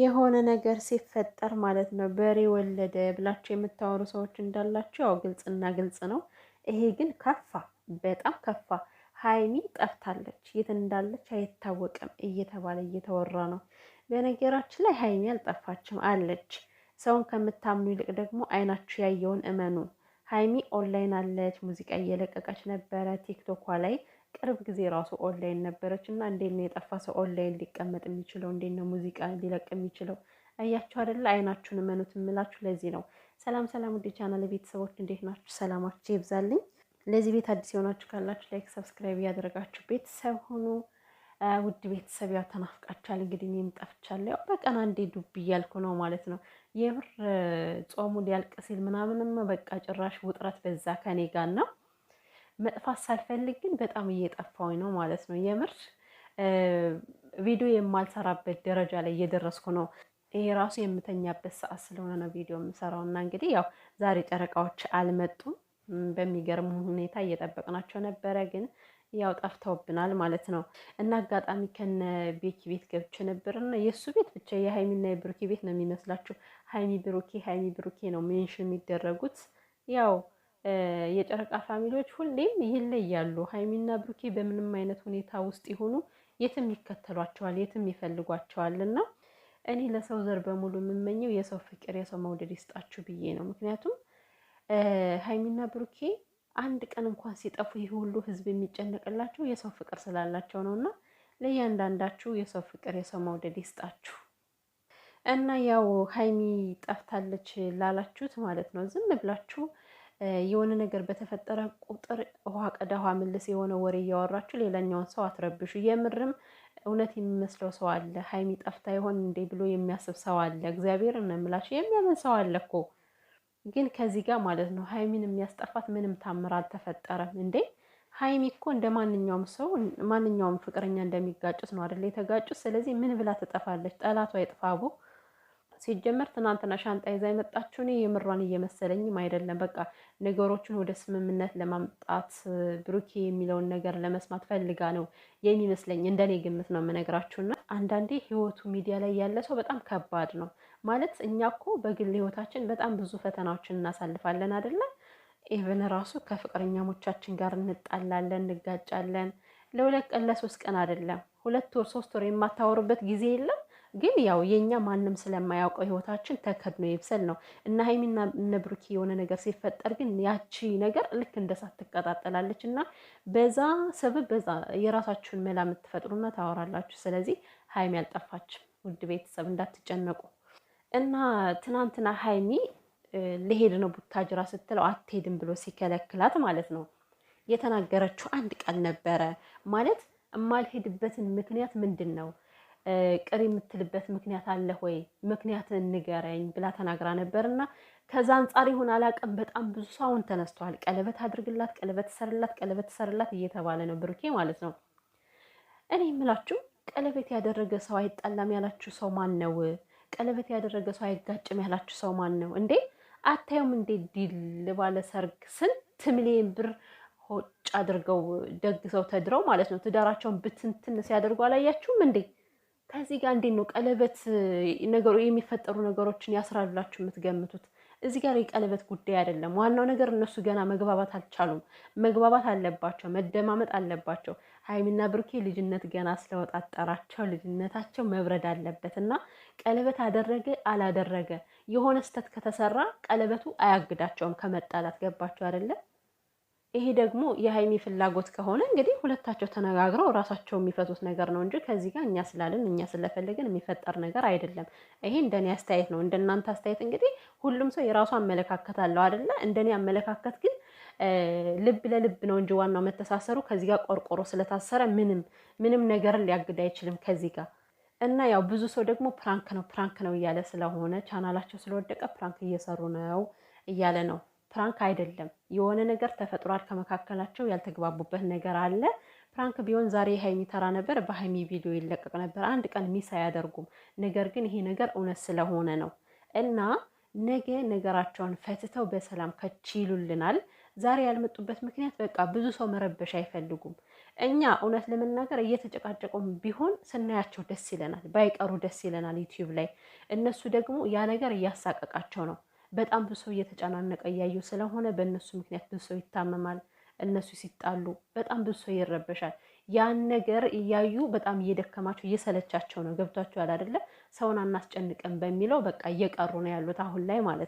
የሆነ ነገር ሲፈጠር ማለት ነው በሬ ወለደ ብላችሁ የምታወሩ ሰዎች እንዳላችሁ ያው ግልጽና ግልጽ ነው። ይሄ ግን ከፋ፣ በጣም ከፋ። ሀይሚ ጠፍታለች፣ የት እንዳለች አይታወቅም እየተባለ እየተወራ ነው። በነገራችን ላይ ሀይሚ አልጠፋችም አለች። ሰውን ከምታምኑ ይልቅ ደግሞ አይናችሁ ያየውን እመኑ። ሀይሚ ኦንላይን አለች፣ ሙዚቃ እየለቀቀች ነበረ ቲክቶኳ ላይ ቅርብ ጊዜ ራሱ ኦንላይን ነበረች እና እንዴት ነው የጠፋ ሰው ኦንላይን ሊቀመጥ የሚችለው? እንዴት ነው ሙዚቃ ሊለቅ የሚችለው? አያችሁ አይደለ? አይናችሁን እመኑት የምላችሁ ለዚህ ነው። ሰላም ሰላም፣ ውድ ቻናል ቤተሰቦች እንዴት ናችሁ? ሰላማችሁ ይብዛልኝ። ለዚህ ቤት አዲስ የሆናችሁ ካላችሁ ላይክ፣ ሰብስክራይብ ያደረጋችሁ ቤተሰብ ሆኑ። ውድ ቤተሰብ ያው ተናፍቃችኋል። እንግዲህ እኔም ጠፍቻለሁ። ያው በቀን አንዴ ዱብ እያልኩ ነው ማለት ነው። የምር ጾሙ ሊያልቅ ሲል ምናምንም በቃ ጭራሽ ውጥረት በዛ ከኔ ጋር ነው መጥፋት ሳልፈልግ ግን በጣም እየጠፋሁኝ ነው ማለት ነው። የምር ቪዲዮ የማልሰራበት ደረጃ ላይ እየደረስኩ ነው። ይሄ ራሱ የምተኛበት ሰዓት ስለሆነ ነው ቪዲዮ የምሰራው እና እንግዲህ ያው ዛሬ ጨረቃዎች አልመጡም። በሚገርም ሁኔታ እየጠበቅናቸው ነበረ፣ ግን ያው ጠፍተውብናል ማለት ነው እና አጋጣሚ ከነ ቤኪ ቤት ገብቼ እና የእሱ ቤት ብቻ የሀይሚና የብሩኬ ቤት ነው የሚመስላችሁ። ሀይሚ ብሩኬ፣ ሀይሚ ብሩኬ ነው ሜንሽን የሚደረጉት ያው የጨረቃ ፋሚሊዎች ሁሌም ይለያሉ። ሀይሚና ብሩኬ በምንም አይነት ሁኔታ ውስጥ የሆኑ የትም ይከተሏቸዋል፣ የትም ይፈልጓቸዋል እና እኔ ለሰው ዘር በሙሉ የምመኘው የሰው ፍቅር፣ የሰው መውደድ ይስጣችሁ ብዬ ነው። ምክንያቱም ሀይሚና ብሩኬ አንድ ቀን እንኳን ሲጠፉ ይህ ሁሉ ህዝብ የሚጨነቅላቸው የሰው ፍቅር ስላላቸው ነው እና ለእያንዳንዳችሁ የሰው ፍቅር፣ የሰው መውደድ ይስጣችሁ እና ያው ሀይሚ ጠፍታለች ላላችሁት ማለት ነው ዝም ብላችሁ የሆነ ነገር በተፈጠረ ቁጥር ውሃ ቀዳ ውሃ ምልስ የሆነ ወሬ እያወራችሁ ሌላኛውን ሰው አትረብሹ። የምርም እውነት የሚመስለው ሰው አለ። ሀይሚ ጠፍታ ይሆን እንዴ ብሎ የሚያስብ ሰው አለ። እግዚአብሔር እምላችሁ የሚያምን ሰው አለ እኮ። ግን ከዚህ ጋር ማለት ነው ሀይሚን የሚያስጠፋት ምንም ታምር አልተፈጠረም እንዴ። ሀይሚ እኮ እንደ ማንኛውም ሰው ማንኛውም ፍቅረኛ እንደሚጋጩት ነው አደለ የተጋጩት። ስለዚህ ምን ብላ ትጠፋለች? ጠላቷ ይጥፋቡ። ሲጀመር ትናንትና ሻንጣ ይዛ የመጣችው እኔ የምሯን እየመሰለኝም አይደለም። በቃ ነገሮችን ወደ ስምምነት ለማምጣት ብሩኬ የሚለውን ነገር ለመስማት ፈልጋ ነው የሚመስለኝ። እንደኔ ግምት ነው የምነግራችሁና አንዳንዴ ህይወቱ ሚዲያ ላይ ያለ ሰው በጣም ከባድ ነው ማለት። እኛ እኮ በግል ህይወታችን በጣም ብዙ ፈተናዎችን እናሳልፋለን አይደለም። ኢቨን ራሱ ከፍቅረኛሞቻችን ጋር እንጣላለን፣ እንጋጫለን። ለሁለት ቀን ለሶስት ቀን አይደለም ሁለት ወር ሶስት ወር የማታወሩበት ጊዜ የለም። ግን ያው የኛ ማንም ስለማያውቀው ህይወታችን ተከድኖ ይብሰል ነው እና ሀይሚና ነብሩኪ የሆነ ነገር ሲፈጠር ግን ያቺ ነገር ልክ እንደ ትቀጣጠላለች እና በዛ ሰበብ በዛ የራሳችሁን መላ የምትፈጥሩና ታወራላችሁ። ስለዚህ ሀይሚ ያልጠፋች ውድ ቤተሰብ እንዳትጨነቁ እና ትናንትና ሀይሚ ልሄድ ነው ቡታጅራ ስትለው አትሄድም ብሎ ሲከለክላት ማለት ነው የተናገረችው አንድ ቃል ነበረ ማለት እማልሄድበትን ምክንያት ምንድን ነው ቅር የምትልበት ምክንያት አለ ወይ? ምክንያት ንገረኝ ብላ ተናግራ ነበር እና ከዛ አንጻር ይሁን አላውቅም፣ በጣም ብዙ ሰው አሁን ተነስተዋል። ቀለበት አድርግላት፣ ቀለበት ሰርላት፣ ቀለበት ሰርላት እየተባለ ነው ብሩኬ ማለት ነው። እኔ የምላችሁ ቀለበት ያደረገ ሰው አይጣላም ያላችሁ ሰው ማን ነው? ቀለበት ያደረገ ሰው አይጋጭም ያላችሁ ሰው ማን ነው? እንዴ አታዩም እንዴ? ዲል ባለ ሰርግ ስንት ሚሊዮን ብር ሆጭ አድርገው ደግሰው ተድረው ማለት ነው ትዳራቸውን ብትንትን ሲያደርጉ አላያችሁም እንዴ? ከዚህ ጋር እንዴት ነው ቀለበት ነገሩ የሚፈጠሩ ነገሮችን ያስራል ብላችሁ የምትገምቱት? እዚህ ጋር የቀለበት ጉዳይ አይደለም። ዋናው ነገር እነሱ ገና መግባባት አልቻሉም። መግባባት አለባቸው፣ መደማመጥ አለባቸው። ሀይሚና ብርኬ ልጅነት ገና ስለወጣጠራቸው ልጅነታቸው መብረድ አለበት እና ቀለበት አደረገ አላደረገ የሆነ ስተት ከተሰራ ቀለበቱ አያግዳቸውም ከመጣላት። ገባቸው አይደለም? ይሄ ደግሞ የሀይሚ ፍላጎት ከሆነ እንግዲህ ሁለታቸው ተነጋግረው ራሳቸው የሚፈቱት ነገር ነው እንጂ ከዚህ ጋር እኛ ስላልን እኛ ስለፈለግን የሚፈጠር ነገር አይደለም። ይሄ እንደኔ አስተያየት ነው። እንደናንተ አስተያየት እንግዲህ ሁሉም ሰው የራሱ አመለካከት አለው አይደለ? እንደኔ አመለካከት ግን ልብ ለልብ ነው እንጂ ዋናው መተሳሰሩ ከዚህ ጋር ቆርቆሮ ስለታሰረ ምንም ምንም ነገርን ሊያግድ አይችልም ከዚህ ጋር እና ያው ብዙ ሰው ደግሞ ፕራንክ ነው ፕራንክ ነው እያለ ስለሆነ ቻናላቸው ስለወደቀ ፕራንክ እየሰሩ ነው እያለ ነው ፕራንክ አይደለም። የሆነ ነገር ተፈጥሯል። ከመካከላቸው ያልተግባቡበት ነገር አለ። ፕራንክ ቢሆን ዛሬ ሃይሚ ተራ ነበር፣ በሃይሚ ቪዲዮ ይለቀቅ ነበር። አንድ ቀን ሚስ አያደርጉም። ነገር ግን ይሄ ነገር እውነት ስለሆነ ነው እና ነገ ነገራቸውን ፈትተው በሰላም ከች ይሉልናል። ዛሬ ያልመጡበት ምክንያት በቃ ብዙ ሰው መረበሽ አይፈልጉም። እኛ እውነት ለመናገር እየተጨቃጨቁም ቢሆን ስናያቸው ደስ ይለናል፣ ባይቀሩ ደስ ይለናል ዩቲዩብ ላይ። እነሱ ደግሞ ያ ነገር እያሳቀቃቸው ነው። በጣም ብዙ ሰው እየተጨናነቀ እያየው ስለሆነ በእነሱ ምክንያት ብዙ ሰው ይታመማል። እነሱ ሲጣሉ በጣም ብዙ ሰው ይረበሻል። ያን ነገር እያዩ በጣም እየደከማቸው እየሰለቻቸው ነው። ገብቷቸዋል አይደለ? ሰውን አናስጨንቅም በሚለው በቃ እየቀሩ ነው ያሉት አሁን ላይ ማለት ነው።